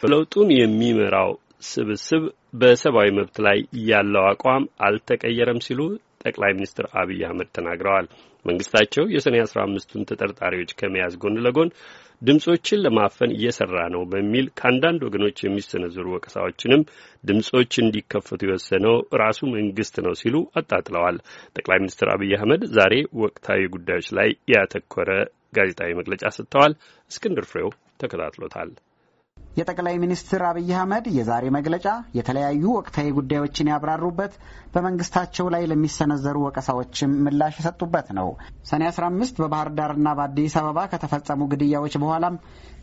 በለውጡን የሚመራው ስብስብ በሰብአዊ መብት ላይ ያለው አቋም አልተቀየረም ሲሉ ጠቅላይ ሚኒስትር አብይ አህመድ ተናግረዋል። መንግስታቸው የሰኔ አስራ አምስቱን ተጠርጣሪዎች ከመያዝ ጎን ለጎን ድምጾችን ለማፈን እየሰራ ነው በሚል ከአንዳንድ ወገኖች የሚሰነዘሩ ወቀሳዎችንም ድምጾች እንዲከፈቱ የወሰነው ራሱ መንግስት ነው ሲሉ አጣጥለዋል። ጠቅላይ ሚኒስትር አብይ አህመድ ዛሬ ወቅታዊ ጉዳዮች ላይ ያተኮረ ጋዜጣዊ መግለጫ ሰጥተዋል። እስክንድር ፍሬው ተከታትሎታል። የጠቅላይ ሚኒስትር አብይ አህመድ የዛሬ መግለጫ የተለያዩ ወቅታዊ ጉዳዮችን ያብራሩበት፣ በመንግስታቸው ላይ ለሚሰነዘሩ ወቀሳዎችም ምላሽ የሰጡበት ነው። ሰኔ 15 በባህር ዳርና በአዲስ አበባ ከተፈጸሙ ግድያዎች በኋላም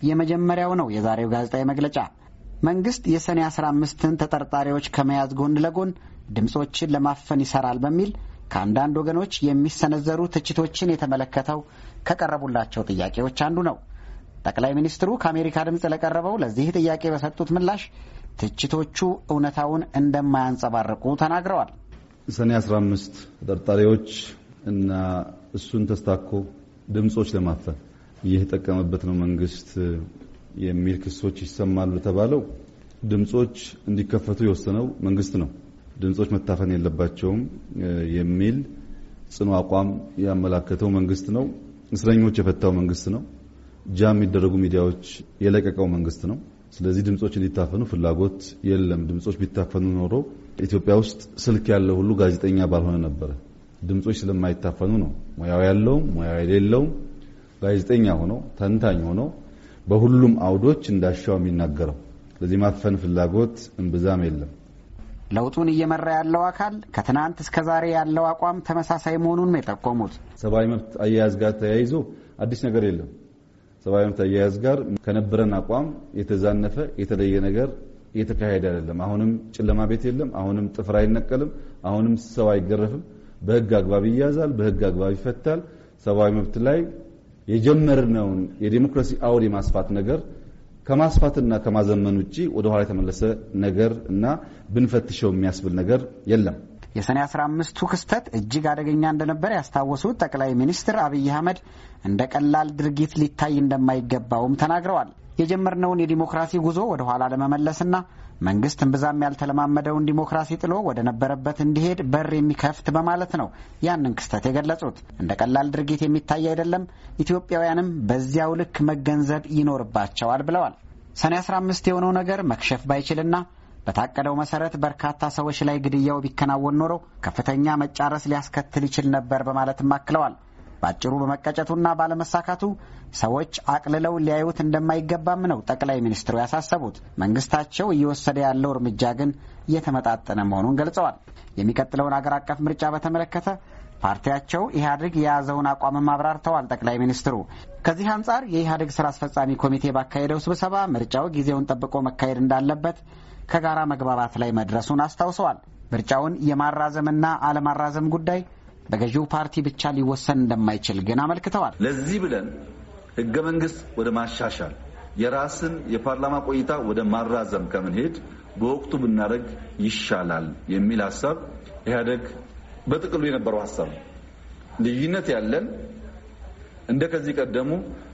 የመጀመሪያው ነው የዛሬው ጋዜጣዊ መግለጫ። መንግስት የሰኔ 15ን ተጠርጣሪዎች ከመያዝ ጎን ለጎን ድምፆችን ለማፈን ይሰራል በሚል ከአንዳንድ ወገኖች የሚሰነዘሩ ትችቶችን የተመለከተው ከቀረቡላቸው ጥያቄዎች አንዱ ነው። ጠቅላይ ሚኒስትሩ ከአሜሪካ ድምፅ ለቀረበው ለዚህ ጥያቄ በሰጡት ምላሽ ትችቶቹ እውነታውን እንደማያንጸባርቁ ተናግረዋል። ሰኔ 15 ተጠርጣሪዎች እና እሱን ተስታኮ ድምፆች ለማፈን እየተጠቀመበት ነው መንግስት የሚል ክሶች ይሰማሉ የተባለው ድምፆች እንዲከፈቱ የወሰነው መንግስት ነው። ድምፆች መታፈን የለባቸውም የሚል ጽኑ አቋም ያመላከተው መንግስት ነው። እስረኞች የፈታው መንግስት ነው። ጃ የሚደረጉ ሚዲያዎች የለቀቀው መንግስት ነው። ስለዚህ ድምጾች እንዲታፈኑ ፍላጎት የለም። ድምጾች ቢታፈኑ ኖሮ ኢትዮጵያ ውስጥ ስልክ ያለው ሁሉ ጋዜጠኛ ባልሆነ ነበረ። ድምጾች ስለማይታፈኑ ነው ሙያው ያለውም ሙያው የሌለውም ጋዜጠኛ ሆኖ ተንታኝ ሆኖ በሁሉም አውዶች እንዳሻው የሚናገረው። ስለዚህ ማፈን ፍላጎት እምብዛም የለም። ለውጡን እየመራ ያለው አካል ከትናንት እስከ ዛሬ ያለው አቋም ተመሳሳይ መሆኑን ነው የጠቆሙት። ሰብአዊ መብት አያያዝ ጋር ተያይዞ አዲስ ነገር የለም። ሰብአዊ መብት አያያዝ ጋር ከነበረን አቋም የተዛነፈ የተለየ ነገር እየተካሄደ አይደለም። አሁንም ጨለማ ቤት የለም። አሁንም ጥፍር አይነቀልም። አሁንም ሰው አይገረፍም። በህግ አግባብ ይያዛል፣ በህግ አግባብ ይፈታል። ሰብአዊ መብት ላይ የጀመርነውን የዲሞክራሲ አውድ የማስፋት ነገር ከማስፋትና ከማዘመን ውጪ ወደ ኋላ የተመለሰ ነገር እና ብንፈትሸው የሚያስብል ነገር የለም። የሰኔ 15ቱ ክስተት እጅግ አደገኛ እንደነበር ያስታወሱት ጠቅላይ ሚኒስትር አብይ አህመድ እንደ ቀላል ድርጊት ሊታይ እንደማይገባውም ተናግረዋል። የጀመርነውን የዲሞክራሲ ጉዞ ወደ ኋላ ለመመለስና መንግስት እምብዛም ያልተለማመደውን ዲሞክራሲ ጥሎ ወደ ነበረበት እንዲሄድ በር የሚከፍት በማለት ነው ያንን ክስተት የገለጹት። እንደ ቀላል ድርጊት የሚታይ አይደለም፣ ኢትዮጵያውያንም በዚያው ልክ መገንዘብ ይኖርባቸዋል ብለዋል። ሰኔ 15 የሆነው ነገር መክሸፍ ባይችልና በታቀደው መሰረት በርካታ ሰዎች ላይ ግድያው ቢከናወን ኖሮ ከፍተኛ መጫረስ ሊያስከትል ይችል ነበር በማለትም አክለዋል። በአጭሩ በመቀጨቱና ባለመሳካቱ ሰዎች አቅልለው ሊያዩት እንደማይገባም ነው ጠቅላይ ሚኒስትሩ ያሳሰቡት። መንግስታቸው እየወሰደ ያለው እርምጃ ግን እየተመጣጠነ መሆኑን ገልጸዋል። የሚቀጥለውን አገር አቀፍ ምርጫ በተመለከተ ፓርቲያቸው ኢህአዴግ የያዘውን አቋምም አብራርተዋል ጠቅላይ ሚኒስትሩ። ከዚህ አንጻር የኢህአዴግ ስራ አስፈጻሚ ኮሚቴ ባካሄደው ስብሰባ ምርጫው ጊዜውን ጠብቆ መካሄድ እንዳለበት ከጋራ መግባባት ላይ መድረሱን አስታውሰዋል። ምርጫውን የማራዘምና አለማራዘም ጉዳይ በገዢው ፓርቲ ብቻ ሊወሰን እንደማይችል ግን አመልክተዋል። ለዚህ ብለን ህገ መንግስት ወደ ማሻሻል የራስን የፓርላማ ቆይታ ወደ ማራዘም ከምንሄድ በወቅቱ ብናደርግ ይሻላል የሚል ሀሳብ ኢህአደግ በጥቅሉ የነበረው ሀሳብ ነው። ልዩነት ያለን እንደ ከዚህ ቀደሙ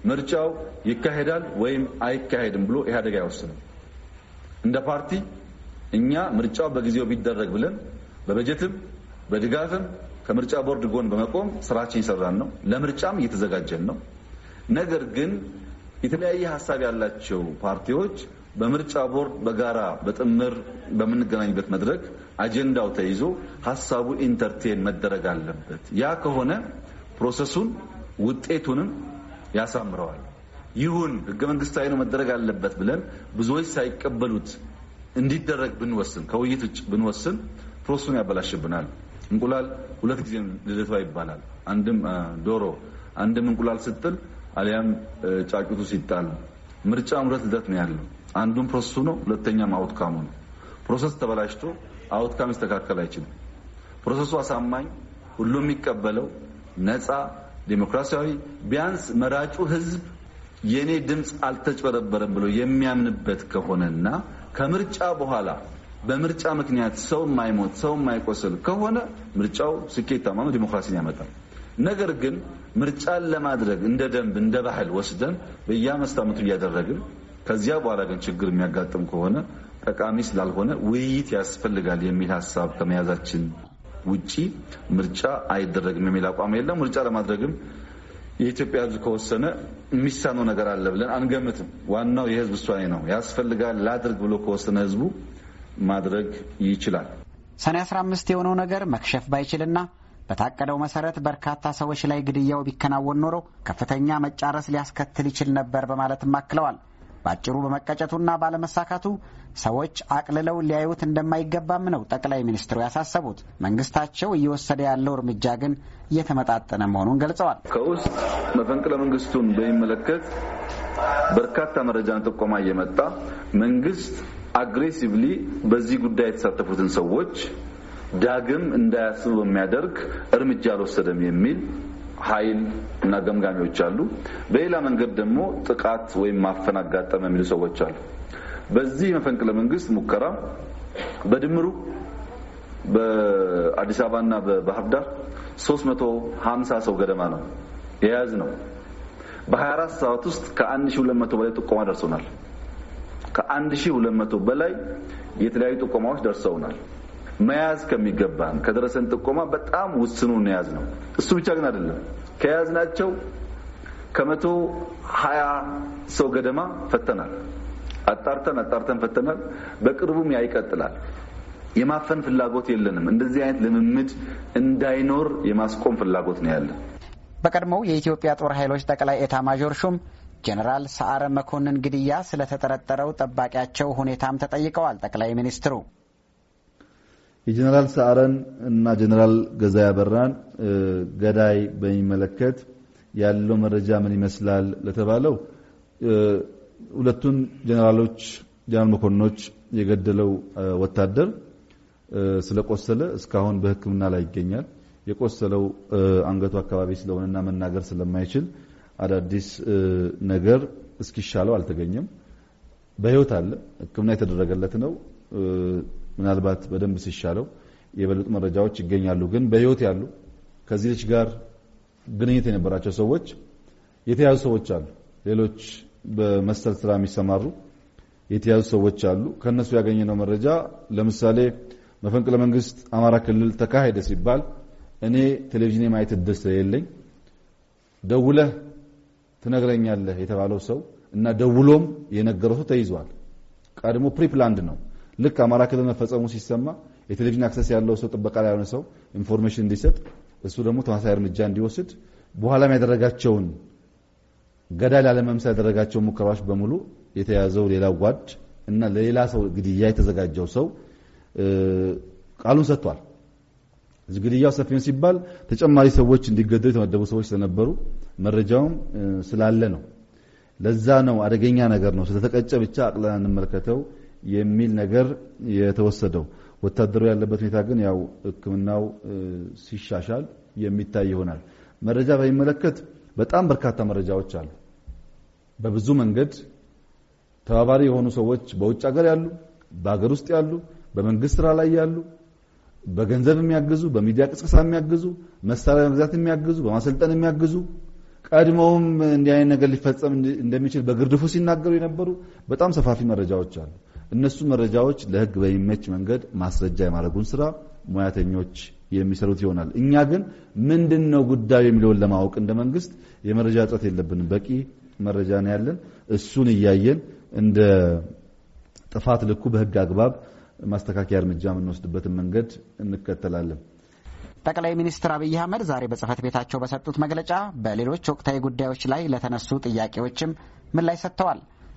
ምርጫው ይካሄዳል ወይም አይካሄድም ብሎ ኢህአደግ አይወስንም። እንደ ፓርቲ እኛ ምርጫው በጊዜው ቢደረግ ብለን በበጀትም በድጋፍም ከምርጫ ቦርድ ጎን በመቆም ስራችን ይሰራን ነው። ለምርጫም እየተዘጋጀን ነው። ነገር ግን የተለያየ ሀሳብ ያላቸው ፓርቲዎች በምርጫ ቦርድ በጋራ በጥምር በምንገናኝበት መድረክ አጀንዳው ተይዞ ሀሳቡ ኢንተርቴን መደረግ አለበት። ያ ከሆነ ፕሮሰሱን ውጤቱንም ያሳምረዋል። ይሁን ህገ መንግስታዊ ነው መደረግ አለበት ብለን ብዙዎች ሳይቀበሉት እንዲደረግ ብንወስን ከውይይት ውጭ ብንወስን ፕሮሰሱን ያበላሽብናል። እንቁላል ሁለት ጊዜ ልደቷ ይባላል። አንድም ዶሮ አንድም እንቁላል ስጥል አሊያም ጫጩቱ ሲጣል። ምርጫ ሁለት ልደት ነው ያለው። አንዱም ፕሮሰሱ ነው፣ ሁለተኛም አውትካሙ ነው። ፕሮሰስ ተበላሽቶ አውትካም ይስተካከል አይችልም። ፕሮሰሱ አሳማኝ፣ ሁሉም የሚቀበለው ነፃ፣ ዴሞክራሲያዊ ቢያንስ መራጩ ህዝብ የእኔ ድምፅ አልተጭበረበረም ብሎ የሚያምንበት ከሆነና ከምርጫ በኋላ በምርጫ ምክንያት ሰው የማይሞት ሰው የማይቆስል ከሆነ ምርጫው ስኬታማ ነው፣ ዲሞክራሲን ያመጣል። ነገር ግን ምርጫን ለማድረግ እንደ ደንብ እንደ ባህል ወስደን በየአምስት ዓመቱ እያደረግን ከዚያ በኋላ ግን ችግር የሚያጋጥም ከሆነ ጠቃሚ ስላልሆነ ውይይት ያስፈልጋል የሚል ሀሳብ ከመያዛችን ውጪ ምርጫ አይደረግም የሚል አቋም የለም። ምርጫ ለማድረግም የኢትዮጵያ ሕዝብ ከወሰነ የሚሳነው ነገር አለ ብለን አንገምትም። ዋናው የሕዝብ ውሳኔ ነው። ያስፈልጋል ላድርግ ብሎ ከወሰነ ሕዝቡ ማድረግ ይችላል። ሰኔ 15 የሆነው ነገር መክሸፍ ባይችልና በታቀደው መሰረት በርካታ ሰዎች ላይ ግድያው ቢከናወን ኖሮ ከፍተኛ መጫረስ ሊያስከትል ይችል ነበር በማለትም አክለዋል። በአጭሩ በመቀጨቱና ባለመሳካቱ ሰዎች አቅልለው ሊያዩት እንደማይገባም ነው ጠቅላይ ሚኒስትሩ ያሳሰቡት። መንግስታቸው እየወሰደ ያለው እርምጃ ግን እየተመጣጠነ መሆኑን ገልጸዋል። ከውስጥ መፈንቅለ መንግስቱን በሚመለከት በርካታ መረጃና ጥቆማ እየመጣ መንግስት አግሬሲቭሊ በዚህ ጉዳይ የተሳተፉትን ሰዎች ዳግም እንዳያስቡ የሚያደርግ እርምጃ አልወሰደም የሚል ኃይል እና ገምጋሚዎች አሉ። በሌላ መንገድ ደግሞ ጥቃት ወይም ማፈን አጋጠመ የሚሉ ሰዎች አሉ። በዚህ መፈንቅለ መንግስት ሙከራ በድምሩ በአዲስ አበባና በባህር ዳር 350 ሰው ገደማ ነው የያዝ ነው። በ24 ሰዓት ውስጥ ከ1200 በላይ ጥቆማ ደርሶናል። ከ1200 በላይ የተለያዩ ጥቆማዎች ደርሰውናል። መያዝ ከሚገባን ከደረሰን ጥቆማ በጣም ውስኑን የያዝ ነው። እሱ ብቻ ግን አይደለም። ከያዝናቸው ከመቶ ሀያ ሰው ገደማ ፈተናል። አጣርተን አጣርተን ፈተናል። በቅርቡም ያ ይቀጥላል። የማፈን ፍላጎት የለንም። እንደዚህ አይነት ልምምድ እንዳይኖር የማስቆም ፍላጎት ነው ያለን። በቀድሞው የኢትዮጵያ ጦር ኃይሎች ጠቅላይ ኤታ ማዦር ሹም ጀኔራል ሰዓረ መኮንን ግድያ ስለተጠረጠረው ጠባቂያቸው ሁኔታም ተጠይቀዋል ጠቅላይ ሚኒስትሩ። የጀነራል ሰዓረን እና ጀነራል ገዛ ያበራን ገዳይ በሚመለከት ያለው መረጃ ምን ይመስላል ለተባለው ሁለቱን ጀነራሎች ጀነራል መኮንኖች የገደለው ወታደር ስለቆሰለ እስካሁን በሕክምና ላይ ይገኛል። የቆሰለው አንገቱ አካባቢ ስለሆነና መናገር ስለማይችል አዳዲስ ነገር እስኪሻለው አልተገኘም። በህይወት አለ። ሕክምና የተደረገለት ነው። ምናልባት በደንብ ሲሻለው የበለጡ መረጃዎች ይገኛሉ። ግን በህይወት ያሉ ከዚህ ልጅ ጋር ግንኙነት የነበራቸው ሰዎች የተያዙ ሰዎች አሉ። ሌሎች በመሰል ስራ የሚሰማሩ የተያዙ ሰዎች አሉ። ከነሱ ያገኘነው መረጃ ለምሳሌ መፈንቅለ መንግስት አማራ ክልል ተካሄደ ሲባል እኔ ቴሌቪዥን የማየት እድል ስለሌለኝ ደውለህ ትነግረኛለህ የተባለው ሰው እና ደውሎም የነገረው ሰው ተይዟል። ቀድሞ ፕሪፕላንድ ነው። ልክ አማራ ክልል መፈጸሙ ሲሰማ የቴሌቪዥን አክሰስ ያለው ሰው ጥበቃ ላይ ሰው ኢንፎርሜሽን እንዲሰጥ እሱ ደግሞ ተመሳሳይ እርምጃ እንዲወስድ በኋላም ያደረጋቸውን ገዳይ ላለመምሰል ያደረጋቸው ሙከራዎች በሙሉ የተያዘው ሌላ ጓድ እና ለሌላ ሰው ግድያ የተዘጋጀው ሰው ቃሉን ሰጥቷል። ግድያው ሰፊ ነው ሲባል ተጨማሪ ሰዎች እንዲገደሉ የተመደቡ ሰዎች ስለነበሩ መረጃውም ስላለ ነው። ለዛ ነው አደገኛ ነገር ነው። ስለተቀጨ ብቻ አቅለን እንመለከተው የሚል ነገር የተወሰደው። ወታደሩ ያለበት ሁኔታ ግን ያው ሕክምናው ሲሻሻል የሚታይ ይሆናል። መረጃ በሚመለከት በጣም በርካታ መረጃዎች አሉ። በብዙ መንገድ ተባባሪ የሆኑ ሰዎች በውጭ ሀገር ያሉ፣ በሀገር ውስጥ ያሉ፣ በመንግስት ስራ ላይ ያሉ፣ በገንዘብ የሚያግዙ፣ በሚዲያ ቅስቀሳ የሚያግዙ፣ መሳሪያ በመግዛት የሚያግዙ፣ በማሰልጠን የሚያግዙ ቀድሞውም እንዲህ አይነት ነገር ሊፈጸም እንደሚችል በግርድፉ ሲናገሩ የነበሩ በጣም ሰፋፊ መረጃዎች አሉ። እነሱ መረጃዎች ለህግ በሚመች መንገድ ማስረጃ የማድረጉን ስራ ሙያተኞች የሚሰሩት ይሆናል። እኛ ግን ምንድን ነው ጉዳዩ የሚለውን ለማወቅ እንደ መንግስት የመረጃ እጥረት የለብንም። በቂ መረጃ ነው ያለን። እሱን እያየን እንደ ጥፋት ልኩ በህግ አግባብ ማስተካከያ እርምጃ የምንወስድበትን መንገድ እንከተላለን። ጠቅላይ ሚኒስትር አብይ አህመድ ዛሬ በጽህፈት ቤታቸው በሰጡት መግለጫ በሌሎች ወቅታዊ ጉዳዮች ላይ ለተነሱ ጥያቄዎችም ምላሽ ሰጥተዋል።